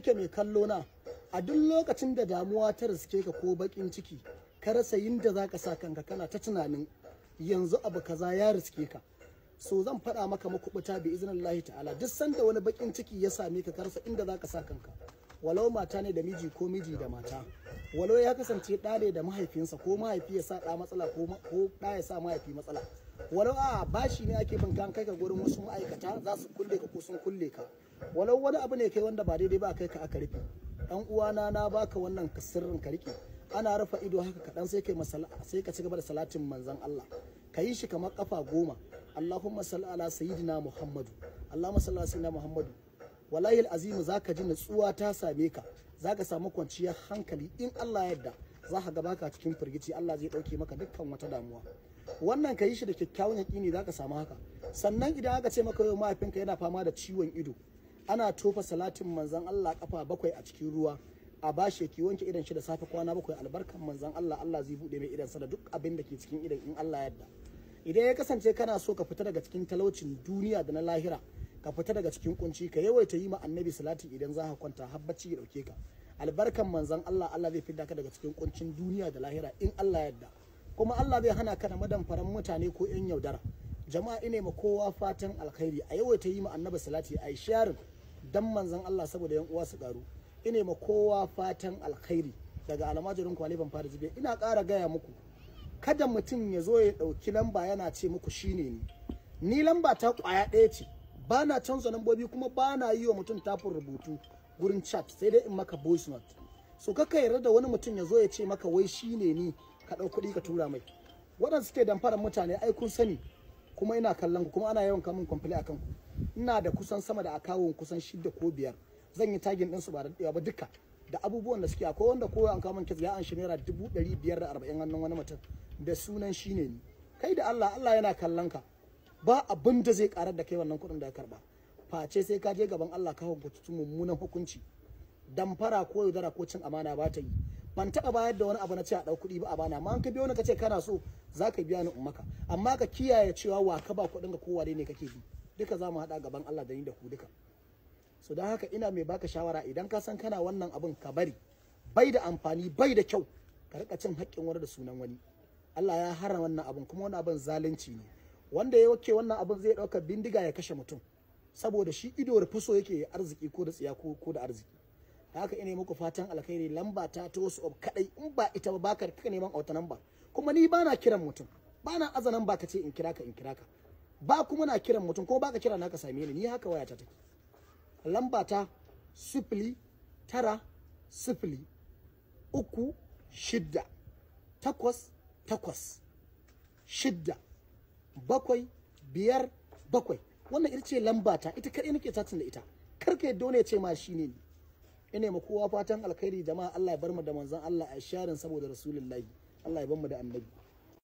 kake mai kallo na a duk lokacin da damuwa ta riske ka ko bakin ciki ka rasa yinda za ka sa kanka kana ta tunanin yanzu abu kaza ya riske ka so zan faɗa maka makubuta bi lahi ta'ala duk sanda wani bakin ciki ya same ka ka rasa inda za ka sa kanka walau mata ne da miji ko miji da mata walau ya kasance ɗa ne da mahaifinsa ko mahaifi ya sa ɗa matsala ko ɗa ya sa mahaifi matsala walau a bashi ne ake bin kan kai ka gurin wasu ma'aikata za su kulle ka ko sun kulle ka walau wani abu ne kai wanda ba daidai ba kai ka aka rufe dan uwana na baka wannan sirrin ka rike ana rufe ido haka kaɗan sai kai sai ka ci gaba da salatin manzon Allah ka yi shi kamar kafa goma Allahumma salli ala sayyidina Muhammadu Allahumma salli ala sayyidina Muhammadu wallahi alazim zaka ji natsuwa ta same ka zaka samu kwanciyar hankali in Allah yadda za ka ga baka cikin firgici Allah zai dauke maka dukkan wata damuwa wannan ka yi shi da kyakkyawan ne za ka samu haka sannan idan aka ce maka yau mahaifinka yana fama da ciwon ido ana tofa salatin manzan Allah kafa bakwai a cikin ruwa a bashi ki wanke idan shi da safe kwana bakwai albarkan manzan Allah Allah zai bude mai idan sa da duk abin da ke cikin idan in Allah yadda idan ya kasance kana so ka fita daga cikin talaucin duniya da na lahira ka fita daga cikin kunci ka yawaita yi ma annabi salati idan za ka kwanta habbaci ya dauke ka albarkan manzan Allah Allah zai fidda ka daga cikin kuncin duniya da lahira in Allah yadda kuma Allah bai hana ka da madamfaran mutane ko yan yaudara jama'a ine ma kowa fatan alkhairi a ta yi ma annabi salati a sharin dan manzon Allah saboda yan uwa su karu ine ma kowa fatan alkhairi daga almajirin kwalifan fara zube ina ƙara gaya muku kada mutum ya zo ya ɗauki lamba yana ce muku shine ni ni lamba ta ƙwaya ɗaya ce ba na canza lambobi kuma ba na yi wa mutum tafin rubutu gurin chat sai dai in maka voice note so kaka yarda da wani mutum ya zo ya ce maka wai shine ni ka ɗau kuɗi ka tura mai waɗanda suke damfarar mutane ai kun sani kuma ina kallon ku kuma ana yawan kamun kwamfili a kanku ina da kusan sama da akawun kusan shida ko biyar zan yi tagin ɗinsu ba da daɗewa ba duka da abubuwan da suke akwai wanda kowa an kamun kes ya an shi naira dubu ɗari biyar da arba'in hannun wani mutum da sunan shi ne ni kai da Allah Allah yana kallon ka ba abin da zai karar da kai wannan kuɗin da ya karba face sai ka je gaban Allah ka hukunta mummunan hukunci damfara ko yaudara ko cin amana ba ta yi ban taɓa bayar da wani abu na ce a ɗau kuɗi ba a bana amma an ka biyo wani ka ce kana so za ka biya ni in maka amma ka kiyaye cewa wa ka ba kuɗin ka kowa ne kake bi duka za mu haɗa gaban Allah da ni da ku duka so don haka ina mai baka shawara idan ka san kana wannan abun ka bari bai da amfani bai da kyau ka rika cin haƙƙin wani da sunan wani Allah ya hara wannan abun kuma wannan abin zalunci ne wanda ya wake wannan abun zai ɗaukar bindiga ya kashe mutum saboda shi ido da yake arziki ko da tsiya ko da arziki haka ina muku fatan alkhairi lamba ta ta wasu kadai in ba ita ba baka kika neman auta namba kuma ni bana kiran mutum bana aza namba ka ce in kira ka in kira ka ba kuma na kiran mutum ko baka kira na ka same ni ni haka wayata take lamba ta sifili tara sifili uku shidda takwas takwas shidda bakwai biyar bakwai wannan ita ce lamba ta ita kaɗai nake tatin da ita karka ka yadda ya ce ma shi ne ni ina ma kowa fatan alkhairi jama'a Allah ya bar mu da manzon Allah a sharin saboda rasulullahi Allah ya bar mu da annabi